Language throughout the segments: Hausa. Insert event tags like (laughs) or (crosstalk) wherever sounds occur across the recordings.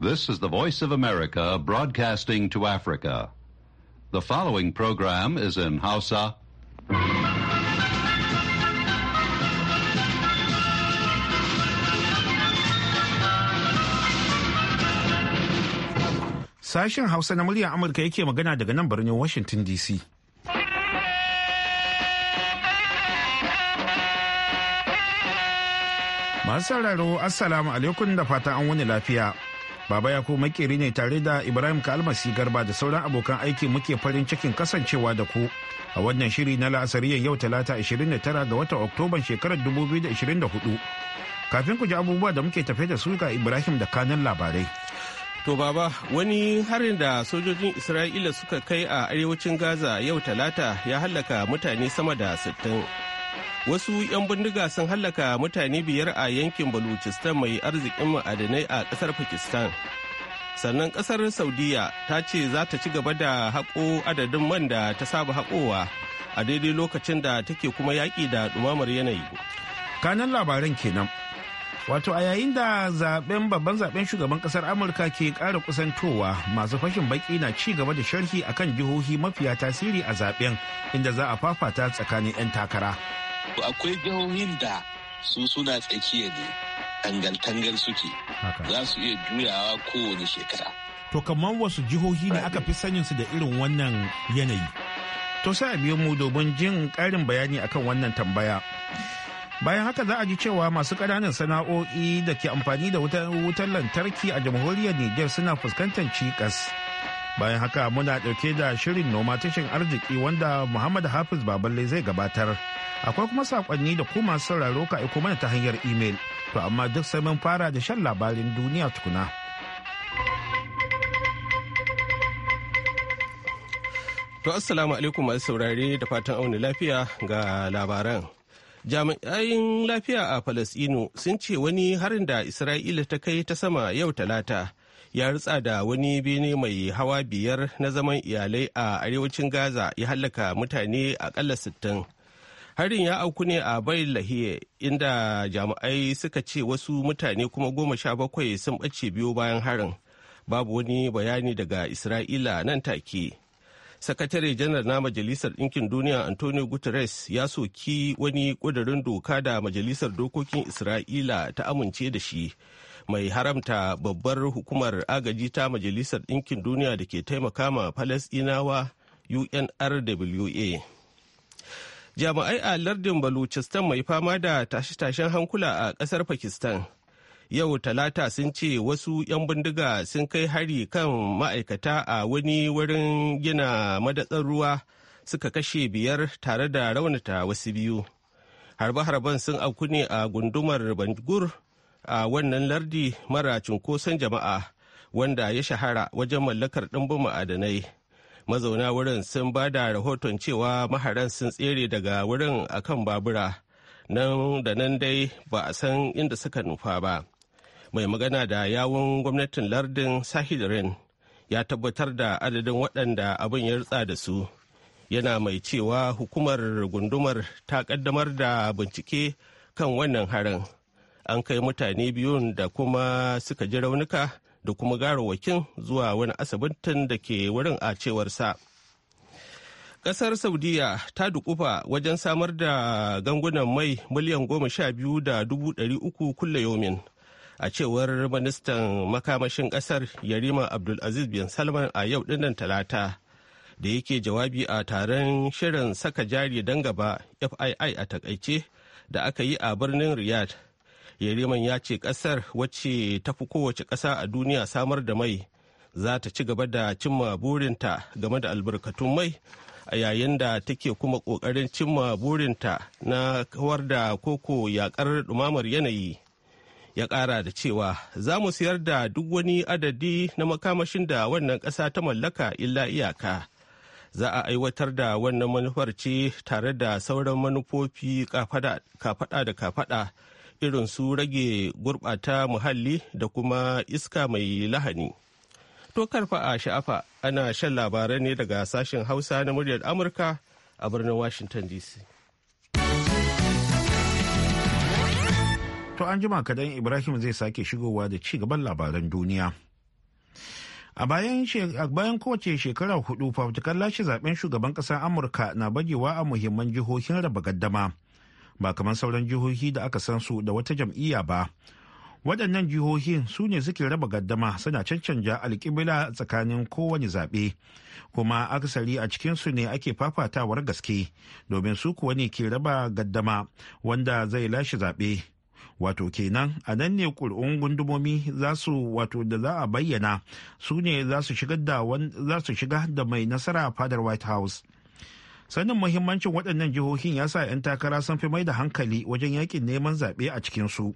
This is the Voice of America broadcasting to Africa. The following program is in Hausa. Sashen Hausa na muryar Amurka yake magana daga nan birnin Washington DC. Masu sauraro, Assalamu alaikum da fata an wani lafiya. Baba Yako makeri ne tare da Ibrahim Kalmasi Garba da sauran abokan aiki muke farin cikin kasancewa da ku a wannan shiri na la'asariyar yau talata 29 ga watan Oktoban shekarar 2024. Kafin ku ji abubuwa da muke tafe da su ga Ibrahim da kanan labarai. To baba wani harin da sojojin Isra'ila suka kai a arewacin Gaza yau talata ya hallaka mutane sama da sittin. wasu 'yan bindiga sun hallaka mutane biyar a yankin baluchistan mai arzikin ma'adanai a kasar pakistan sannan kasar saudiya ta ce za ta ci gaba da haƙo adadin man da ta saba haƙowa a daidai lokacin da take kuma yaƙi da ɗumamar yanayi kanan labaran kenan wato a yayin da zaben babban zaben shugaban kasar amurka ke ƙara kusantowa masu fashin baki na ci gaba da sharhi akan jihohi mafiya tasiri a zaben inda za a fafata tsakanin 'yan takara to akwai jihohin da su suna tsakiya ne tangal-tangal suke za su iya juyawa kowane shekara to kamar wasu jihohi ne aka fi sanin su da irin wannan yanayi to sai mu domin jin ƙarin bayani akan wannan tambaya bayan haka za a ji cewa masu ƙananan sana'o'i da ke amfani da wutar lantarki a jamhuriyar niger suna fuskantar cikas bayan haka muna ɗauke da shirin noma tashin arziki wanda muhammad hafiz baballe zai gabatar akwai kuma sakonni da kuma masu sauraro ka aiko mana ta hanyar imel to amma duk sai mun fara da shan labarin duniya tukuna to assalamu alaikum masu saurare da fatan auni lafiya ga labaran jami'ayin lafiya a falasino sun ce wani harin da isra'ila ta kai ta sama yau talata ya rutsa da wani bene mai hawa biyar na zaman iyalai a arewacin gaza ya hallaka mutane akalla 60 harin ya auku ne a bayan lahiya inda jami'ai suka ce wasu mutane kuma goma sha bakwai sun ɓace biyu bayan harin babu wani bayani daga isra'ila nan take sakatare janar na majalisar ɗinkin duniya antonio guterres ya soki wani ƙudurin doka da majalisar dokokin isra'ila ta amince da shi mai haramta babbar hukumar agaji ta majalisar ɗinkin duniya da ke taimaka ma falasɗinawa unrwa jami'ai a lardin baluchistan mai fama da tashe-tashen hankula a ƙasar pakistan yau talata sun ce wasu 'yan bindiga sun kai hari kan ma'aikata a wani wurin gina madatsar ruwa suka kashe biyar tare da raunata wasu biyu harbe-harben sun auku ne a gundumar bangur a wannan lardi mara cunkoson jama'a wanda ya shahara wajen mallakar ɗimbin ma'adanai mazauna wurin sun ba da rahoton cewa maharan sun tsere daga wurin akan babura nan da nan dai ba a san inda suka nufa ba mai magana da yawun gwamnatin lardin sahidirin ya tabbatar da adadin waɗanda abin ya rutsa da su yana mai cewa hukumar gundumar ta ƙaddamar da bincike kan wannan harin an kai mutane biyun da kuma suka ji raunuka da kuma wakin zuwa wani asibitin da ke wurin a cewar sa. Kasar Saudiya ta dukufa wajen samar da gangunan mai miliyan goma sha biyu da dubu ɗari uku kulle yomin. A cewar ministan makamashin kasar Yarima Abdulaziz bin Salman a yau dinnan talata da yake jawabi a taron shirin saka jari don gaba FII a takaice da aka yi a birnin Riyadh yariman ya ce kasar wacce ta fi kowace ƙasa a duniya samar da mai za ta ci gaba da cimma burinta game da albarkatun mai a yayin da take kuma kokarin cimma burinta na kawar da koko yaƙar dumamar yanayi ya kara da cewa za mu siyar da duk wani adadi na makamashin da wannan ƙasa ta mallaka illa iyaka za a aiwatar da wannan manufar ce tare da sauran manufofi kafada da kafada irin su rage gurɓata muhalli da kuma iska mai lahani. To karfa a sha'afa ana shan labarai ne daga sashen Hausa na muryar Amurka a birnin Washington DC. To an jima kadan Ibrahim zai sake shigowa da ci gaban labaran duniya. A bayan kowace shekara hudu fafutukar lashe zaben shugaban ƙasar Amurka na bagewa a muhimman jihohin raba gaddama ba kamar sauran jihohi da aka san su da wata jam'iyya ba waɗannan jihohin su ne suke raba gaddama suna cancanja alƙibila tsakanin kowane zaɓe kuma aksari a cikinsu ne ake fafatawar gaske domin su kuwa ne ke raba gaddama wanda zai lashe zaɓe wato kenan a nan ne ƙuri'un gundumomi za su wato da za a bayyana su ne za su shiga da mai nasara fadar white house sanin muhimmancin waɗannan jihohin ya sa 'yan takara sun fi mai da hankali wajen yakin neman zaɓe a cikinsu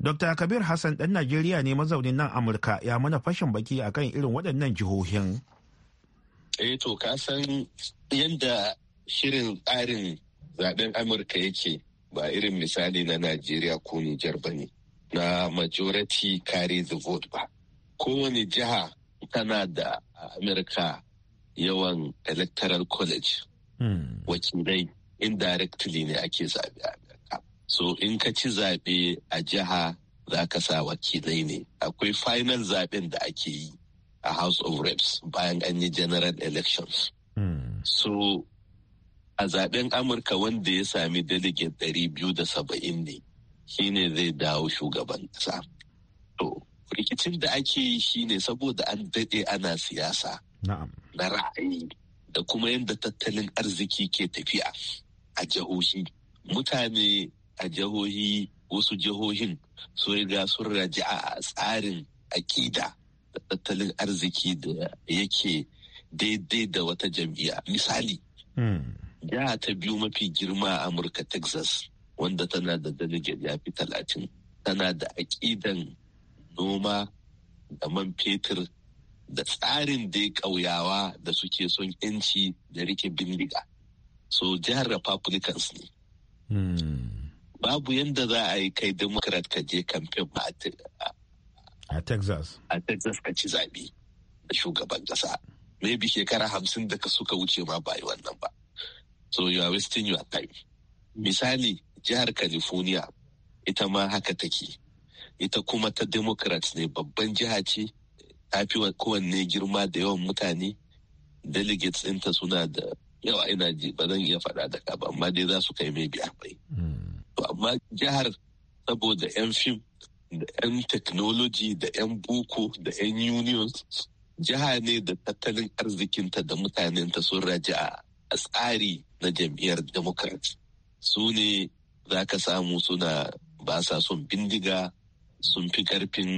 dr kabir hassan ɗan najeriya ne mazaunin nan amurka ya mana fashin baki a kan irin waɗannan jihohin E, to ka san yadda shirin tsarin zaɓen amurka yake ba irin misali na najeriya ko nijar ba ne na majority carry the vote ba kowane jiha tana da amurka yawan electoral college hmm. wakilai indirectly ne ake zaɓe a so in ka ci zaɓe a jiha za ka sa wakilai ne akwai final zaɓen da ake yi a house of reps bayan an yi general elections hmm. so a zaɓen amurka wanda ya sami delegate saba'in ne shine zai dawo shugaban ƙasa to rikicin da ake yi shine saboda an daɗe ana siyasa na ra'ayi da kuma yadda tattalin arziki ke tafiya a jihohi mutane a jihohi wasu jihohin su riga sun raji a tsarin akida da tattalin arziki da yake daidai da wata jam'iyya misali hmm. jiha ta biyu mafi girma a amurka texas wanda tana da darajar ya fi talatin tana da aƙidan noma da man fetur da tsarin dai ƙauyawa da suke son yanci da rike bindiga so jihar republicans ne hmm. babu yadda za a yi kai democrat ka je kamfen ba a texas a texas ka ci zaɓe da shugaban ƙasa maybe shekara hamsin da ka suka wuce ma ba yi wannan ba so you are wasting your time misali jihar california ita ma haka take ita kuma ta Democrats ne babban jiha ce ta fi kowanne girma da yawan mutane delegates ɗinta suna da yawa ina ji ba zan iya faɗa da ka ba amma dai za su kai mai biya bai. To amma jihar saboda 'yan fim da 'yan technology da 'yan boko da 'yan unions jiha ne da tattalin arzikinta da mutanenta sun raja a tsari na jam'iyyar democrat su ne za ka samu suna ba sa son bindiga sun fi karfin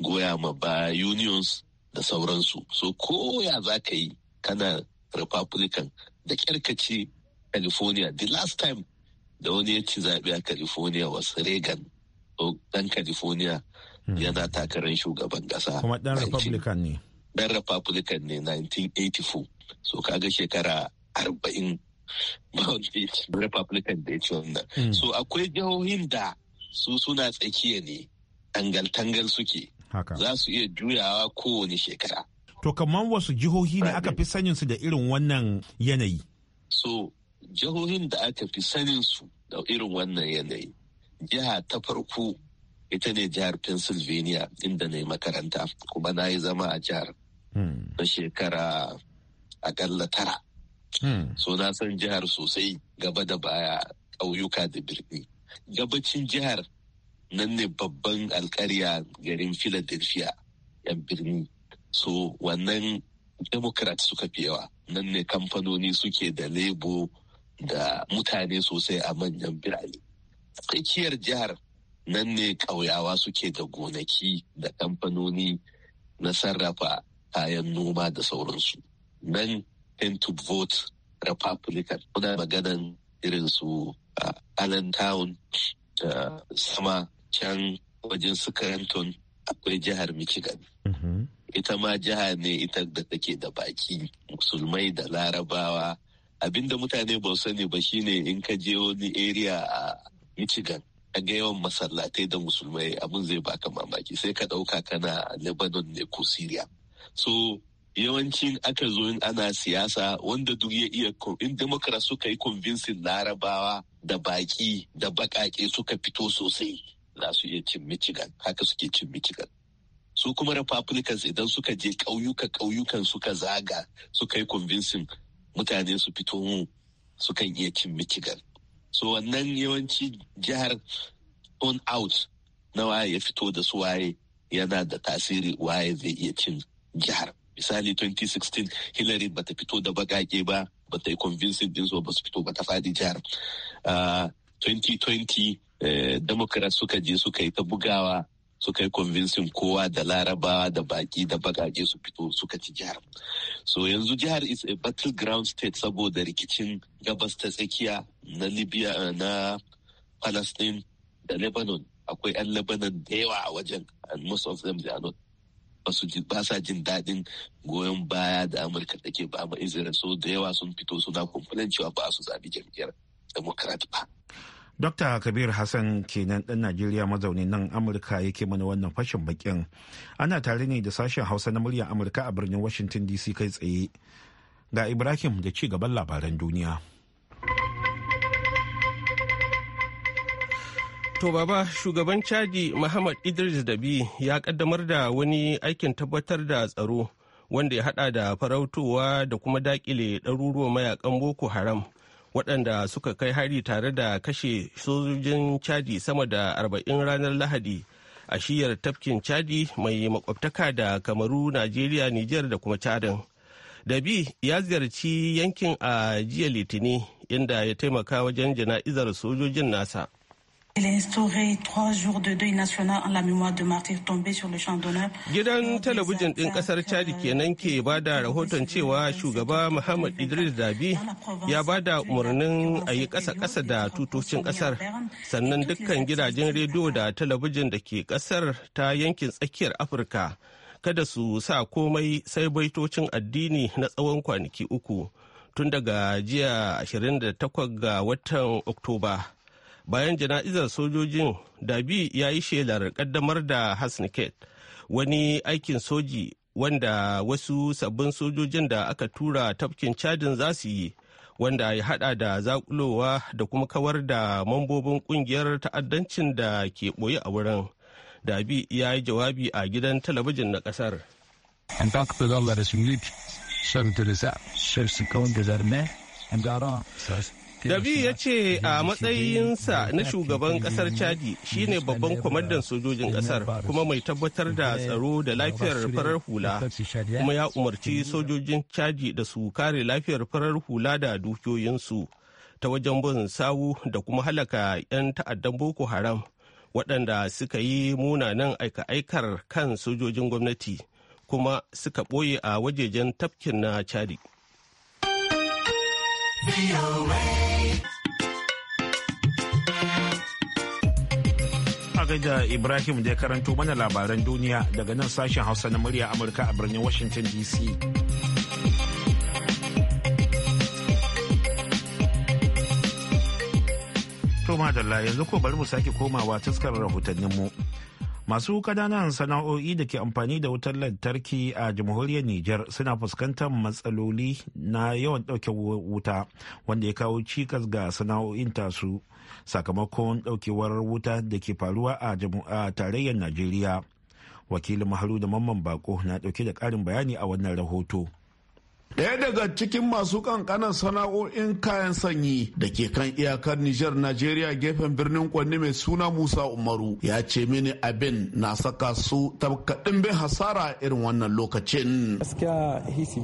goya ma ba unions da sauransu so koya za ka yi kana republican da kyarkaci california the last time da wani ya ci zaɓe a california was reagan dan california hmm. yana takarar shugaban ƙasa kuma dan republican ne dan republican ne 1984 so kaga shekara arba'in (laughs) republican da ya hmm. so akwai jihohin da su suna tsakiya ne tangal-tangal suke za su iya juyawa kowane shekara. To kamar wasu jihohi ne aka fi sanin su da irin wannan yanayi. So jihohin da aka fi sanin su da irin wannan yanayi. Jiha ta farko ita ne jihar Pennsylvania inda na yi makaranta kuma na yi zama a jihar hmm. na shekara akalla tara. Hmm. So na san jihar sosai gaba da baya ƙauyuka da birni. Gabacin jihar nan ne babban alkarya garin Philadelphia yan birni. So wannan Democrat suka fi yawa nan ne kamfanoni suke da lebo da mutane sosai a manyan birane. Tsakiyar jihar nan ne ƙauyawa suke da gonaki da kamfanoni na sarrafa kayan noma da sauransu. Nan tend to vote Republican. Muna maganan irin su ah, Allentown da sama can wajen su akwai jihar Michigan. Mm-hmm. Ita ma jiha ne ita da take da baki musulmai da larabawa. Abinda mutane ba sani ba shine in ka je wani area a Michigan. ga yawan masallatai da musulmai abin zai baka mamaki sai ka ɗauka kana Lebanon ne ko Syria. So yawancin aka zo in ana siyasa wanda duk ya iya in democrat suka yi convincing larabawa da baki da bakake suka fito sosai za su iya cin michigan haka suke cin michigan su kuma republicans idan suka je ƙauyuka ƙauyukan suka zaga suka yi convincing mutane su fito mu sukan iya cin michigan so wannan yawanci jihar on out na waye ya fito da su waye yana da tasiri waye zai iya cin jihar misali 2016 hillary bata fito da bagage ba bata yi convincing din ba su fito ba ta fadi jihar 2020 ah, Eh, democrats suka je suka yi ta bugawa suka yi convincing kowa da larabawa da baki da bagage su fito suka ci jihar so yanzu jihar is a battleground state saboda rikicin gabas ta tsakiya na libya eh, na palestine da lebanon akwai 'yan lebanon da yawa a wajen and most of them they are not ba sa jin daɗin goyon baya da amurka take ba ma israel so da yawa sun fito suna kumfulan cewa ba su zaɓi jam'iyyar democrat ba Dr. Kabir Hassan kenan ɗan Najeriya mazaunin nan Amurka yake mana wannan fashin bakin. Ana tare ne da sashen Hausa na muryar Amurka a birnin Washington DC kai tsaye. Ga Ibrahim da ci gaban labaran duniya. To baba shugaban Chadi Muhammad Idris Dabi ya kaddamar da wani aikin tabbatar da tsaro wanda ya hada da farautowa da kuma dakile ɗaruruwan mayakan Boko Haram waɗanda suka kai hari tare da kashe sojojin chadi sama da arba'in ranar lahadi a shiyar tafkin chadi mai makwabtaka da kamaru najeriya Niger, da kuma chadin dabi ya ziyarci yankin a jiya Litinin, inda ya taimaka wajen jana'izar sojojin nasa Il a instauré trois jours de deuil national en la mémoire de martyrs tombés sur le champ d'honneur. Gidan talabijin ɗin ƙasar Chad kenan ke ba da rahoton cewa shugaba Muhammad Idris Dabi ya ba da umarnin a yi ƙasa-ƙasa da tutocin ƙasar. Sannan dukkan gidajen rediyo da talabijin da ke ƙasar ta yankin tsakiyar Afirka kada su sa komai sai baitocin addini na tsawon kwanaki uku tun daga jiya 28 ga watan Oktoba. bayan jana'izar sojojin bi ya yi shelar kaddamar da hasniket wani aikin soji wanda wasu sabbin sojojin da aka tura tafkin cadin za su yi wanda ya hada da zakulowa da kuma kawar da mambobin kungiyar ta'addancin da ke boye a wurin dabi ya yi jawabi a gidan talabijin na kasar Dabi ya ce a matsayinsa na shugaban kasar Chadi shine babban kwamandan sojojin kasar kuma mai tabbatar da tsaro da lafiyar farar hula kuma ya umarci sojojin Chadi da su kare lafiyar farar hula da dukiyoyinsu ta wajen bin sawu da kuma halaka 'yan ta'addan Boko Haram waɗanda suka yi munanan aika-aikar kan sojojin gwamnati kuma suka ɓoye a wajejen tafkin na Chadi. a gaida Ibrahim da ya karanto mana labaran duniya daga nan sashen Hausa na murya Amurka a birnin Washington DC. To da yanzu ko bari mu sake komawa tuskar rahotanninmu masu kananan sana'o'i da ke amfani da wutar lantarki a jamhuriyar nijar suna fuskantar matsaloli na yawan ɗauke wuta wanda ya kawo cikas ga sana'o'in tasu sakamakon ɗaukewar wuta da ke faruwa a tarayyar najeriya wakilin maharu da mamman bako na ɗauke da ƙarin bayani a wannan rahoto. Daya daga cikin masu kankanan sana'o'in kayan sanyi da ke kan iyakar Nijar Najeriya gefen birnin Kwanni mai suna Musa Umaru ya ce mini abin na saka su tabkaɗin bin hasara irin wannan lokacin. Gaskiya hisi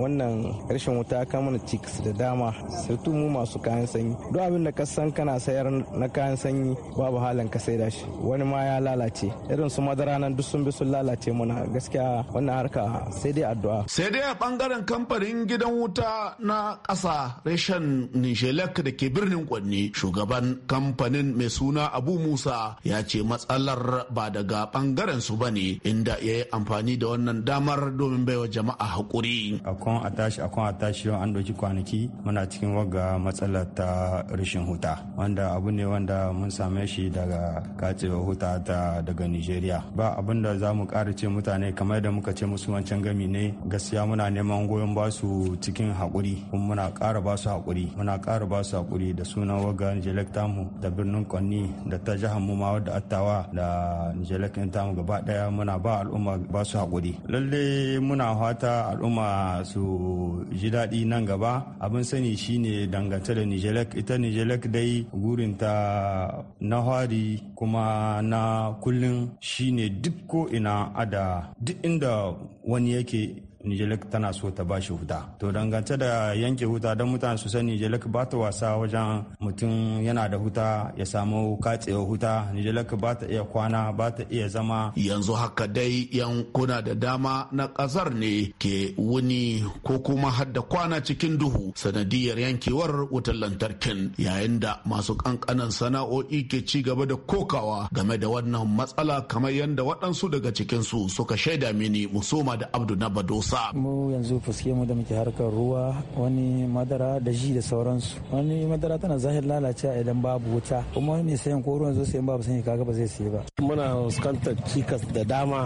wannan rashin wuta kan mana da dama surtu mu masu kayan sanyi. Duk abin da ka san kana sayar na kayan sanyi babu halin ka saida shi wani ma ya lalace irin su madara nan duk sun bi sun lalace mana gaskiya wannan harka sai dai addu'a. Sai dai a bangaren kamfanin gidan wuta na ƙasa reshen nishelek da ke birnin kwanni shugaban kamfanin mai suna abu musa ya ce matsalar ba daga bangaren su ba ne inda ya yi amfani da wannan damar domin baiwa jama'a haƙuri akwai a tashi akwai a tashi an ɗauki kwanaki muna cikin waga matsalar ta rashin huta wanda abu ne wanda mun same shi daga kacewa huta ta daga nigeria ba abin da za mu ƙara ce mutane kamar da muka ce musu wancan gami ne gaskiya muna neman neman goyon basu cikin haƙuri kuma muna ƙara basu haƙuri muna ƙara basu haƙuri da suna waga nijelek tamu da birnin kwanni da ta jihar mu ma wadda attawa da nijelek tamu gaba ɗaya muna ba al'umma basu haƙuri lalle muna fata al'umma su ji daɗi nan gaba abin sani shine dangance da nijelek ita nijelek dai gurinta na hari kuma na kullum shine duk ko ina ada duk inda wani yake nijelek tana so ta bashi huta to dangance da yanke huta don mutane su san nijelek ba ta wasa wajen mutum yana da huta ya samu katsewa huta nijelek ba ta iya kwana ba ta iya zama yanzu haka dai yankuna da dama na ƙasar ne ke wuni ko kuma hadda kwana cikin duhu sanadiyar yankewar wutar lantarkin yayin da masu kankanan sana'o'i ke ci gaba da kokawa game da wannan matsala kamar yadda waɗansu daga cikinsu suka shaida mini musoma da abdu na badosa sa mu yanzu fuske mu da muke harkar ruwa wani madara da ji da sauransu wani madara tana zahir lalace idan babu wuta kuma wani sayan ko ruwan zo sayan babu sanyi kaga ba zai sayi ba muna fuskantar cikas da dama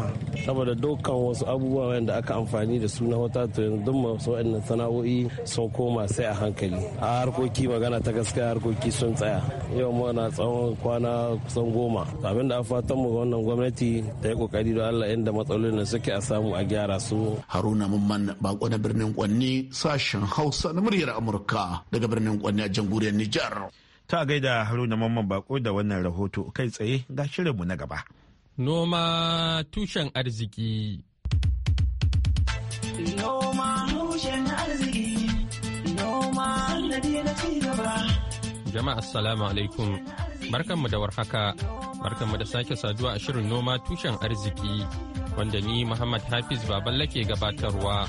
saboda dukkan wasu abubuwa wanda aka amfani da suna wata to yanzu masu wa'annan sana'o'i sun koma sai a hankali a harkoki magana ta gaskiya harkoki sun tsaya yau na tsawon kwana kusan goma abin da fatan mu ga wannan gwamnati ta yi kokari da Allah inda matsalolin suke a samu a gyara su Haruna Mamman bako na birnin Kwanni sashen Hausa na muryar Amurka daga birnin Kwanni a jamhuriyar Nijar ta gaida Haruna Mamman bako da wannan rahoto kai tsaye ga mu na gaba Noma tushen arziki. Noma tushen arziki. Noma na ci gaba. Jama'a assalamu alaikum. Barkanmu da warhaka. Barkanmu da sake saduwa a shirin noma tushen arziki wanda ni Muhammad Hafiz baban ke gabatarwa.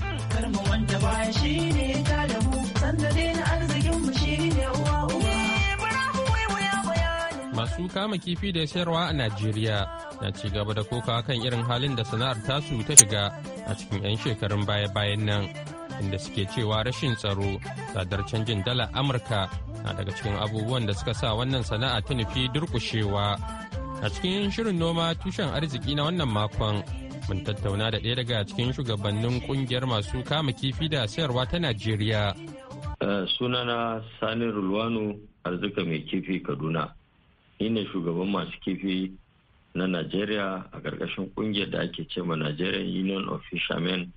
Masu kama kifi da sayarwa a Najeriya na ci gaba da koka kan irin halin da sana'ar tasu ta shiga a cikin 'yan shekarun baya-bayan nan inda suke cewa rashin tsaro tsadar canjin dala amurka na daga cikin abubuwan da suka sa wannan sana'a ta nufi durkushewa a cikin shirin noma tushen arziki na wannan makon mun tattauna da ɗaya daga cikin shugabannin kungiyar masu kama kifi da sayarwa ta najeriya eh, sunana sani rulwanu arzika mai kifi kaduna ni shugaban masu kifi na Najeriya a karkashin ƙungiyar da ake ce ma Nigerian Union of Fishermen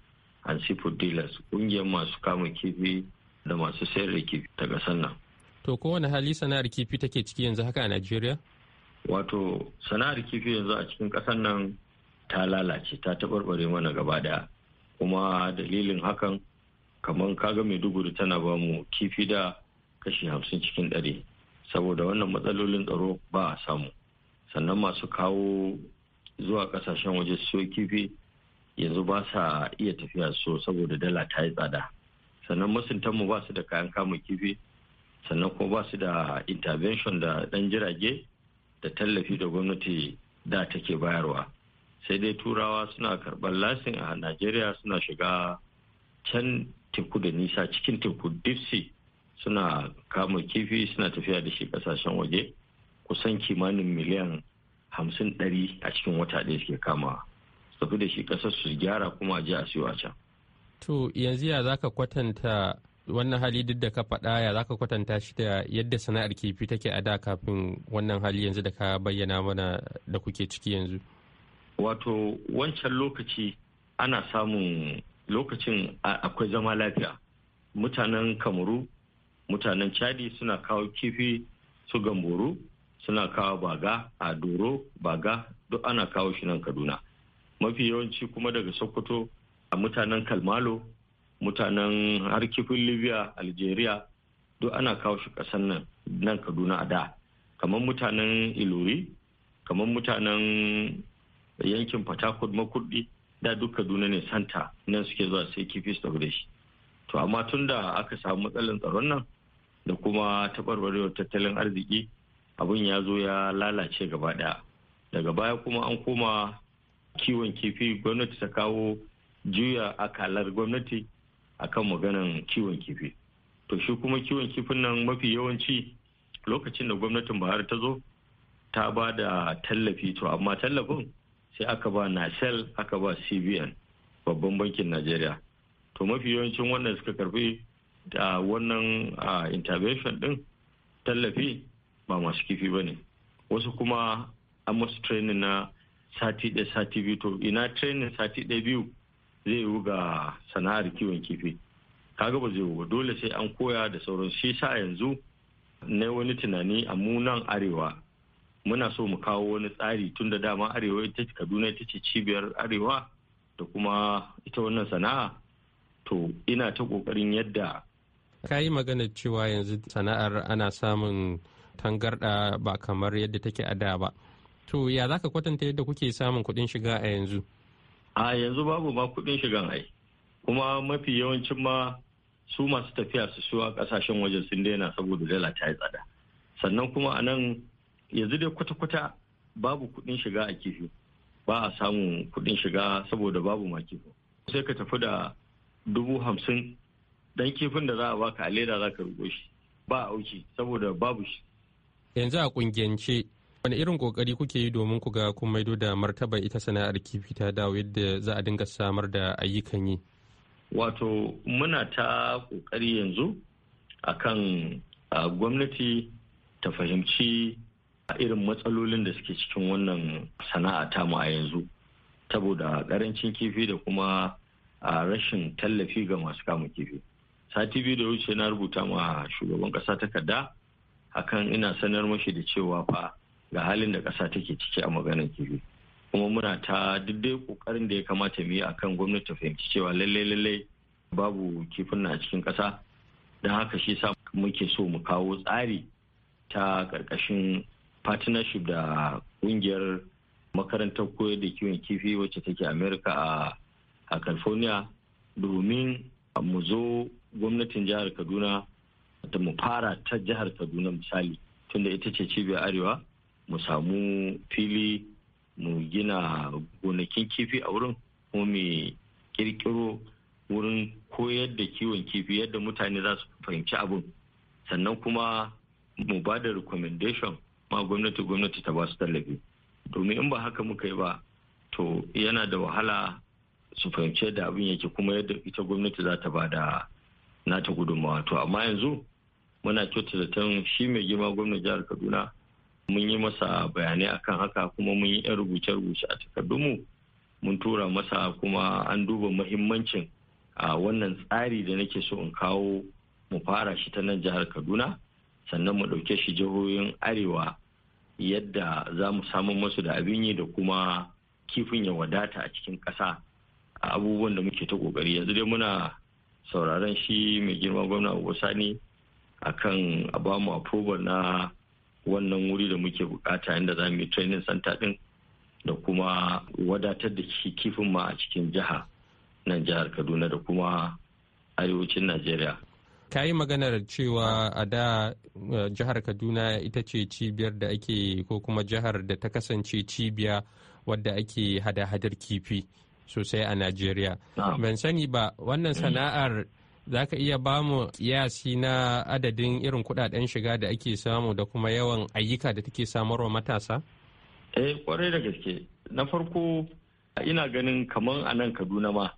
and Seafood Dealers ƙungiyar masu kama kifi da masu sayar da kifi ta ƙasar nan. To kowane hali sana'ar kifi take ciki yanzu haka a Najeriya? Wato sana'ar kifi yanzu a cikin ƙasar nan ta lalace ta taɓarɓare mana gaba ɗaya kuma dalilin hakan kamar kaga maiduguri tana ba mu kifi da kashi hamsin cikin ɗari saboda wannan matsalolin tsaro ba a samu sannan masu kawo zuwa kasashen waje siyo kifi yanzu ba sa iya tafiya so saboda dala ta yi tsada sannan masuntanmu ba su da kayan kama kifi sannan kuma ba su da intervention da dan jirage da tallafi da gwamnati da take bayarwa sai dai turawa suna karɓar lasin a najeriya suna shiga can teku da nisa cikin teku dipsy suna kama kifi suna tafiya da shi kasashen waje kusan kimanin miliyan hamsin ɗari a cikin wata ɗaya suke kama tafi da shi ƙasar su gyara kuma a a siyo a can. To yanzu ya zaka kwatanta wannan hali duk da ka faɗa ya zaka kwatanta shi da yadda sana'ar kifi take a da kafin wannan hali yanzu da ka bayyana mana da kuke ciki yanzu. Wato wancan lokaci ana samun lokacin akwai zama lafiya mutanen kamaru mutanen chadi suna kawo kifi su gamboru suna kawo baga a doro baga duk ana kawo shi nan kaduna mafi yawanci kuma daga sokoto a mutanen kalmalo mutanen harkifin kifin libya algeria duk ana kawo shi kasan nan kaduna a da kamar mutanen ilori kamar mutanen yankin fatakod makurdi da duk kaduna ne santa nan suke zuwa sai kifi su shi to amma tun da aka samu matsalar tsaron nan da kuma tabarbarewar tattalin arziki abun ya zo ya lalace gaba daya daga baya kuma an koma kiwon kifi gwamnati ta kawo juya akalar gwamnati akan maganan kiwon kifi to shi kuma kiwon kifin nan mafi yawanci lokacin da gwamnatin bahar ta zo ta ba da tallafi to amma tallafin sai aka ba nasel aka ba cbn babban bankin najeriya to mafi yawancin ah, wannan suka ah, karfi da wannan intervention din tallafi ba masu kifi ba ne wasu kuma an musu training na sati ɗaya sati biyu to ina training sati ɗaya biyu zai yiwu ga sana'ar kiwon kifi kaga ba zai yiwu dole sai an koya da sauran shi sa yanzu na wani tunani a munan arewa muna so mu kawo wani tsari tun da dama arewa ita kaduna ita ce cibiyar arewa da kuma ita wannan sana'a to ina ta kokarin yadda ka yi magana cewa yanzu sana'ar ana samun tangarɗa ba kamar yadda take a da ba to ya za ka kwatanta yadda kuke samun kuɗin shiga a yanzu a yanzu babu ma kuɗin shigan ai kuma mafi yawancin ma su masu tafiya su suwa ƙasashen waje sun daina saboda dala ta yi tsada sannan kuma a nan yanzu dai kwata-kwata babu kuɗin shiga a kifi ba a samun kuɗin shiga saboda babu ma kifi sai ka tafi da dubu hamsin dan kifin da za a baka a leda za ka rugo shi ba auki saboda babu shi yanzu a kungiyance wani irin kokari kuke yi domin ku ga kun maido da martaba ita sana'ar kifi ta dawo yadda za a dinga samar da ayyukan yi wato muna ta kokari yanzu akan gwamnati ta fahimci a irin matsalolin da suke cikin wannan sana'a ta a yanzu saboda karancin kifi da kuma a rashin tallafi ga masu kama kifi sati biyu da wuce na rubuta ma shugaban kasa takarda akan ina sanar mashi da cewa fa ga halin da ƙasa take ciki a maganar kifi kuma muna ta dai ƙoƙarin da ya kamata mu yi akan gwamnati ta fahimci cewa lallai lallai babu kifin na cikin ƙasa don haka shi sa muke so mu kawo tsari ta ƙarƙashin partnership da ƙungiyar makarantar koyar da kiwon kifi wacce take america a california domin mu zo gwamnatin jihar kaduna da mu fara ta jihar kaduna misali tunda ita ce cibiyar arewa mu samu fili mu gina gonakin kifi a wurin kuma mu kirkiro wurin koyar da kiwon kifi yadda mutane za su fahimci abin sannan kuma mu ba da recommendation ma gwamnati gwamnati ta ba su tallafi domin in ba haka muka yi ba to yana da wahala su fahimci yadda abin yake kuma yadda ita gwamnati za ta ba da nata gudunmawa to amma yanzu muna da zaton shi mai girma gwamnan jihar kaduna mun yi masa bayanai akan haka kuma mun yi yan rubuce-rubuce a takardunmu mun tura masa kuma an duba mahimmancin a wannan tsari da nake so in kawo mu fara shi ta nan jihar kaduna sannan mu ɗauke shi jihohin arewa yadda za mu samu masu da abin yi da kuma kifin ya wadata a cikin ƙasa a abubuwan da muke ta ƙoƙari yanzu dai muna sauraron shi mai girma gwamna Sani akan a ba mu approval na wannan wuri da muke bukata inda za mu yi training center din da kuma wadatar da kifin ma a cikin jiha nan jihar kaduna da kuma arewacin najeriya ka yi maganar cewa a da uh, jihar kaduna ita ce cibiyar da ake ko kuma jihar da ta kasance cibiya wadda ake hada-hadar kifi sosai a najeriya ban sani ba wannan sana'ar za ka iya ba mu yasi na adadin irin kudaden shiga da ake samu da kuma yawan ayyuka da take samarwa matasa? eh kwarai da gaske na farko ina ganin kamar a nan kaduna ma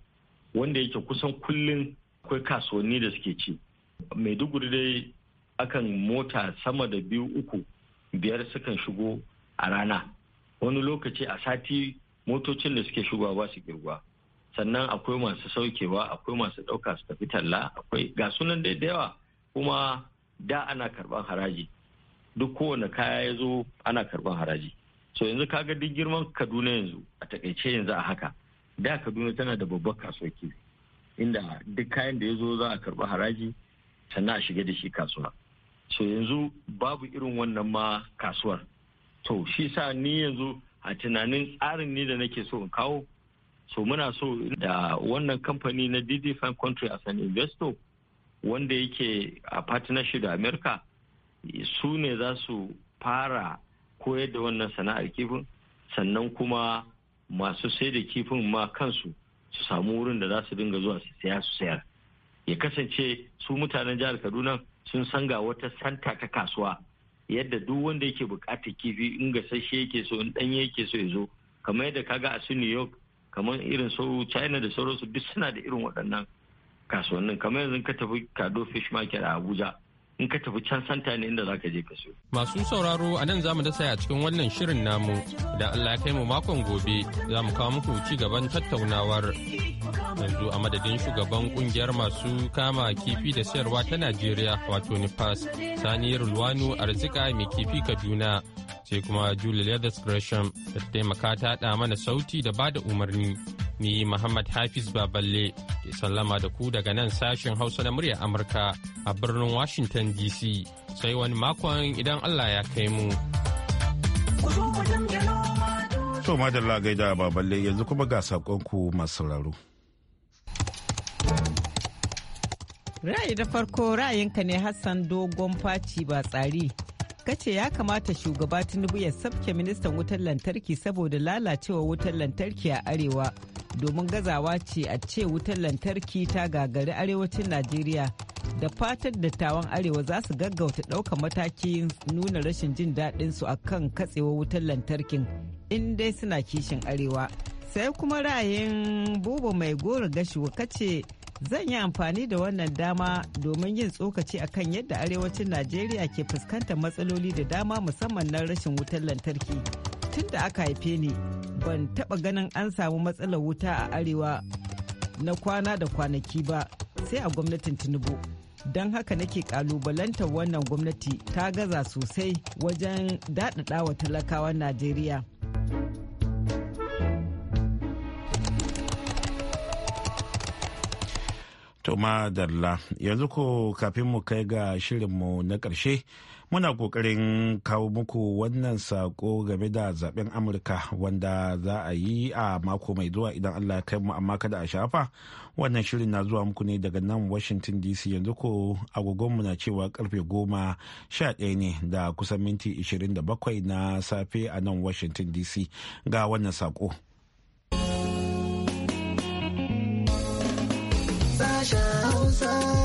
wanda yake kusan kullum akwai kasuwanni da suke ci maiduguri dai akan mota sama da biyu uku biyar sukan shigo a rana wani lokaci a sati motocin da suke shigowa ba su girgwa sannan akwai masu saukewa akwai masu ɗauka su tafi talla akwai ga sunan da yawa kuma da ana karban haraji duk kowane kaya ya zo ana karban haraji so yanzu kaga duk girman kaduna yanzu a takaice yanzu a haka da kaduna tana da babbar kasuwa inda duk kayan da ya zo za a karba haraji sannan a shiga da shi kasuwa so yanzu babu irin wannan ma kasuwar to shi sa ni yanzu a tunanin tsarin ni da nake so in kawo so muna so da wannan kamfani na dd Fine country as an investor wanda yake a partnership da america su ne za su fara koyar da wannan sana'ar kifin sannan kuma masu sai da kifin ma kansu su samu wurin da za su dinga zuwa su saya su sayar ya kasance su mutanen jihar kaduna sun san ga wata santa ta kasuwa yadda duk wanda yake bukatar kifi in gasasshe yake so in danye yake so ya zo kamar yadda kaga a su new york kamar irin so china da sauransu duk suna da irin waɗannan kasuwannin kamar yanzu ka tafi kado fish market a abuja in ka tafi can santa ne inda zaka je ka so Masu sauraro a nan zamu dasa a cikin wannan shirin namu da Allah ya kai mu makon gobe za mu kawo muku ci gaban tattaunawar. Yanzu a madadin shugaban kungiyar masu kama kifi da sayarwa ta Najeriya wato NIFAS Saniyar Luwanu Arzika mai kifi Kaduna sai kuma Julia Leathers Gresham da taimaka ta haɗa mana sauti da bada umarni. Ni Muhammad Hafiz Baballe ke sallama da ku daga nan sashen Hausa na murya Amurka a birnin Washington DC sai wani makon idan Allah ya kai mu. To madalla gaida Baballe yanzu kuma ga sakonku masu sauraro. Ra'ayi da farko ra'ayinka ne Hassan dogon faci ba tsari. kace ya kamata shugaba tinubu ya sabke ministan wutar lantarki saboda lalacewa wutar lantarki a arewa domin gazawa ce a ce wutar lantarki ta gagari arewacin najeriya da fatar dattawan arewa za su gaggauta ɗaukar mataki nuna rashin jin daɗinsu a kan katsewar wutar lantarkin in dai suna kishin arewa sai kuma ra'ayin buba mai goro gashuwa kace zan yi amfani da wannan dama domin yin tsokaci akan yadda arewacin najeriya ke fuskantar matsaloli da dama musamman na rashin wutar lantarki tun da aka haife ni ban taba ganin an samu matsalar wuta a arewa na kwana da kwanaki ba sai a gwamnatin tinubu don haka nake kalubalantar wannan gwamnati ta gaza sosai wajen daɗaɗa wa talakawan najeriya To Dalla, yanzu ko kafin mu kai ga shirinmu na ƙarshe muna ƙoƙarin kawo muku wannan saƙo game da zaben Amurka wanda za a yi a mako mai zuwa idan Allah ya kai mu amma kada a shafa wannan shirin na zuwa muku ne daga nan Washington DC yanzu ko agogonmu na cewa karfe goma sha ɗaya ne da kusan minti 27 na safe a nan Washington DC ga wannan saƙo. Fashion. Hausa.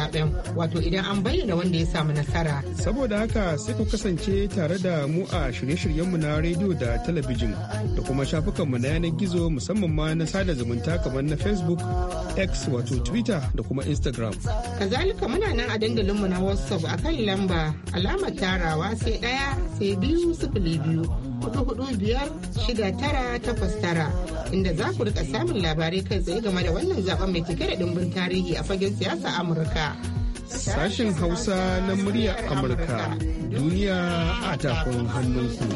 zaben wato idan an bayyana wanda ya samu nasara. Saboda haka sai ku kasance tare da mu a shirye-shiryenmu na rediyo da talabijin da kuma shafukanmu na yanar gizo musamman ma na sada zumunta kamar na Facebook, X wato Twitter da kuma Instagram. Kazalika muna nan a dandalinmu na WhatsApp akan lamba alamar tarawa sai ɗaya sai biyu sifili biyu. hudu biyar shida tara takwas tara inda za ku rika samun labarai kai tsaye game da wannan zaben mai cike da dimbin tarihi a fagen siyasa amurka Sashen Hausa na muryar Amurka duniya a takon hannunku.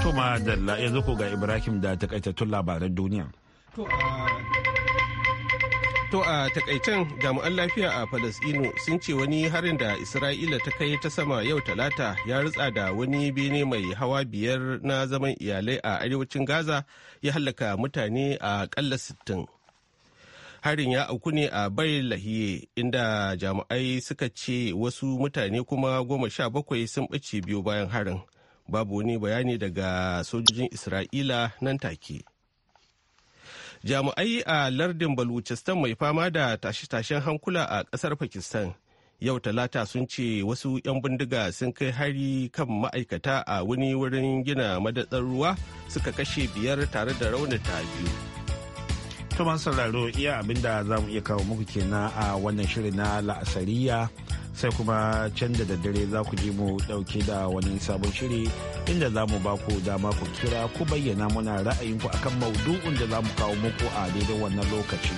Tuma Dalla ko ga Ibrahim da takaitattun labaran duniya. To a takaicen jami'an lafiya a Falasɗinu sun ce wani harin da Isra'ila ta kai ta sama yau talata ya rutsa da wani bene mai hawa biyar na zaman iyalai a arewacin Gaza ya hallaka mutane a ƙalla sittin. harin ya auku ne a bai lahiye inda jami'ai suka ce wasu mutane kuma goma sha bakwai sun ɓace biyu bayan harin babu wani bayani daga sojojin isra'ila nan take jami'ai a lardin baluchistan mai fama da tashe-tashen hankula a ƙasar pakistan yau talata sun ce wasu 'yan bindiga sun kai hari kan ma'aikata a wani wurin gina madatsar ruwa suka kashe biyar tare da raunata biyu To masu sauraro iya abinda za mu iya kawo muku kenan a wannan shirin na la'asariya sai kuma can da daddare za ku ji mu dauke da wani sabon shiri inda za mu ba ku dama ku kira ku bayyana muna ra'ayinku akan maudu'un da za mu kawo muku a daidai wannan lokaci.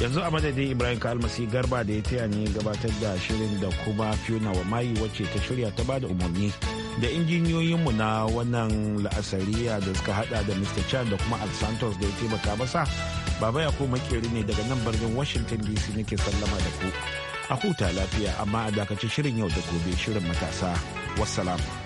yanzu a madadin ibrahim kalmasi garba da ya taya ni gabatar da shirin da kuma fiona wa mayi wacce ta shirya ta bada umarni da injiniyoyinmu na wannan la'asariya da suka hada da mr chan da kuma al santos da ya taimaka masa baba ya koma makeri ne daga nan birnin washington dc nake sallama da ku a huta lafiya amma a dakaci shirin yau da gobe shirin matasa wassalamu